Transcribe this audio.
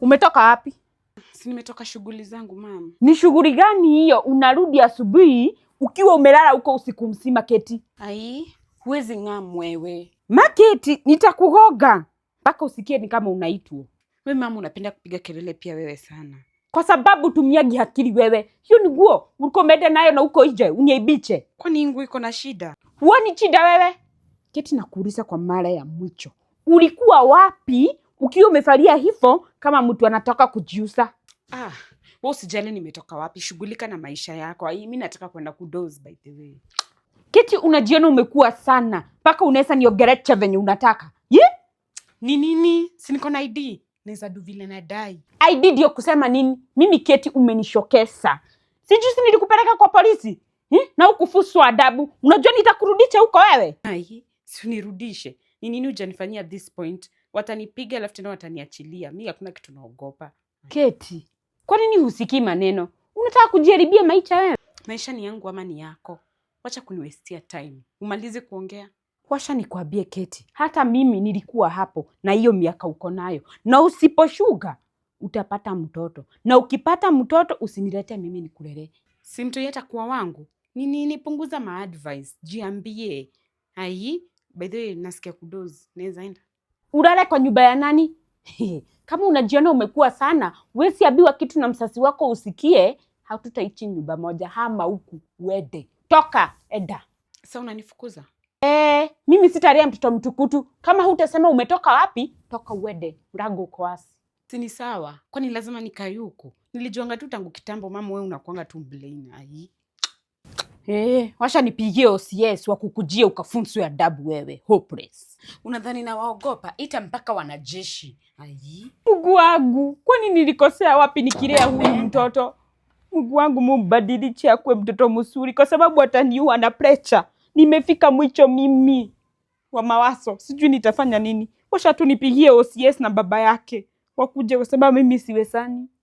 Umetoka wapi? Si nimetoka shughuli zangu mama. Ni shughuli gani hiyo? Unarudi asubuhi ukiwa umelala huko usiku mzima Keti? Ai, huwezi ng'am wewe. Maketi nitakuhoga mpaka usikie ni kama unaitwa. Wewe mama unapenda kupiga kelele pia wewe sana. Kwa sababu tumiagi akili wewe. Hiyo ni nguo ulikuwa umeenda nayo na uko nje uniibiche. Kwani nguo iko na shida? Huoni shida wewe? Keti, nakuuliza kwa mara ya mwisho. Ulikuwa wapi ukiwa umefalia hivyo kama mtu anatoka kujiusa. Ah, wewe usijali nimetoka wapi, shughulika na maisha yako. Mimi nataka kwenda kudoze by the way. Kiti, unajiona umekuwa sana mpaka unaweza niogerecha venye unataka ye? Ni nini? Si niko na ID naweza du vile nadai ID ndio kusema nini? Mimi Keti, umenishokesa sijui, si nilikupeleka kwa polisi hmm? na ukufuswa adabu. Unajua nitakurudisha huko wewe. si unirudishe ni nini ujanifanyia at this point? Watanipiga alafu tena wataniachilia. Mi hakuna kitu naogopa. Keti, kwa nini husikii maneno? Unataka kujiharibia maisha wewe? Maisha ni yangu ama ni yako? Wacha kuniwestia time, umalize kuongea. Washa nikwambie Keti, hata mimi nilikuwa hapo na hiyo miaka uko nayo, na usiposhuga utapata mtoto, na ukipata mtoto usinilete mimi nikulelee. Simtoi hata kuwa wangu ni nini? Punguza maadvice, jiambie. Ai, By the way, nasikia kudozi, naweza enda ulale kwa nyumba ya nani? Kama unajiona umekuwa sana, wesi abiwa kitu na msasi wako usikie, hatutaichi nyumba moja. Hama huku uende, toka eda. Sasa unanifukuza e? Mimi sitaria mtoto mtukutu. Kama hutasema umetoka wapi, toka uende, mrango uko Sini sawa, kwani lazima nikae huku? Nilijuanga tu tangu kitambo, mama wewe unakuanga tu mblaina. Hey, eh, washa nipigie OCS wakukujia ukafunzwe adabu wewe hopeless. Unadhani na waogopa? Ita mpaka wanajeshi. Ai, Mungu wangu, kwani nilikosea wapi nikilea huyu mtoto? Mungu wangu, mumbadilishe akwe mtoto msuri, kwa sababu ataniua na pressure. Nimefika mwicho mimi wa mawazo, sijui nitafanya nini. Washa tu nipigie OCS na baba yake wakuje, kwa sababu mimi siwezani.